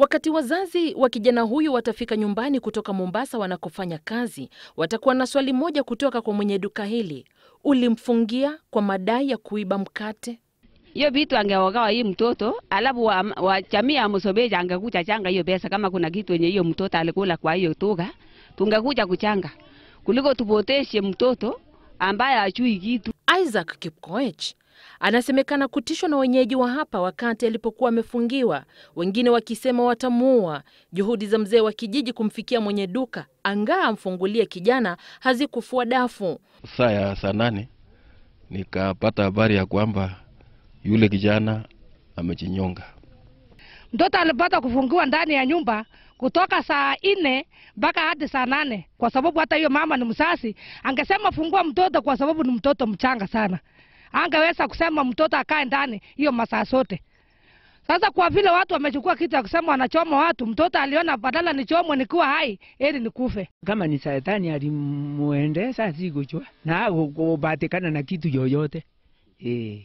Wakati wazazi wa kijana huyu watafika nyumbani kutoka Mombasa wanakofanya kazi, watakuwa na swali moja kutoka kwa mwenye duka hili: ulimfungia kwa madai ya kuiba mkate? hiyo vitu angeogawa hii mtoto alafu wachamii wa amsobeja angekuja changa hiyo pesa, kama kuna kitu yenye hiyo mtoto alikula kwa hiyo tuga, tungekuja kuchanga kuliko tupoteshe mtoto ambaye ajui kitu. Isaac Kipkoech anasemekana kutishwa na wenyeji wa hapa wakati alipokuwa amefungiwa, wengine wakisema watamuua. Juhudi za mzee wa kijiji kumfikia mwenye duka angaa amfungulie kijana hazikufua dafu. Saa ya saa nane nikapata habari ya kwamba yule kijana amejinyonga. Mtoto alipata kufungiwa ndani ya nyumba kutoka saa nne mpaka hadi saa nane kwa sababu hata hiyo mama ni msasi, angesema fungua mtoto kwa sababu ni mtoto mchanga sana, angeweza kusema mtoto akae ndani hiyo masaa sote. Sasa kwa vile watu wamechukua kitu ya kusema wanachoma watu, mtoto aliona badala nichomwe nikiwa hai, heri nikufe. Kama ni shetani alimuendesha, sikujua na kupatikana na kitu yoyote eh.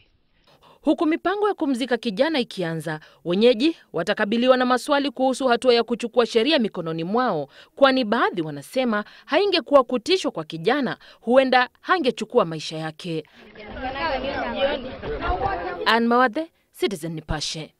Huku mipango ya kumzika kijana ikianza, wenyeji watakabiliwa na maswali kuhusu hatua ya kuchukua sheria mikononi mwao, kwani baadhi wanasema haingekuwa kutishwa kwa kijana, huenda hangechukua maisha yake. Anne Mawadhe, Citizen Nipashe.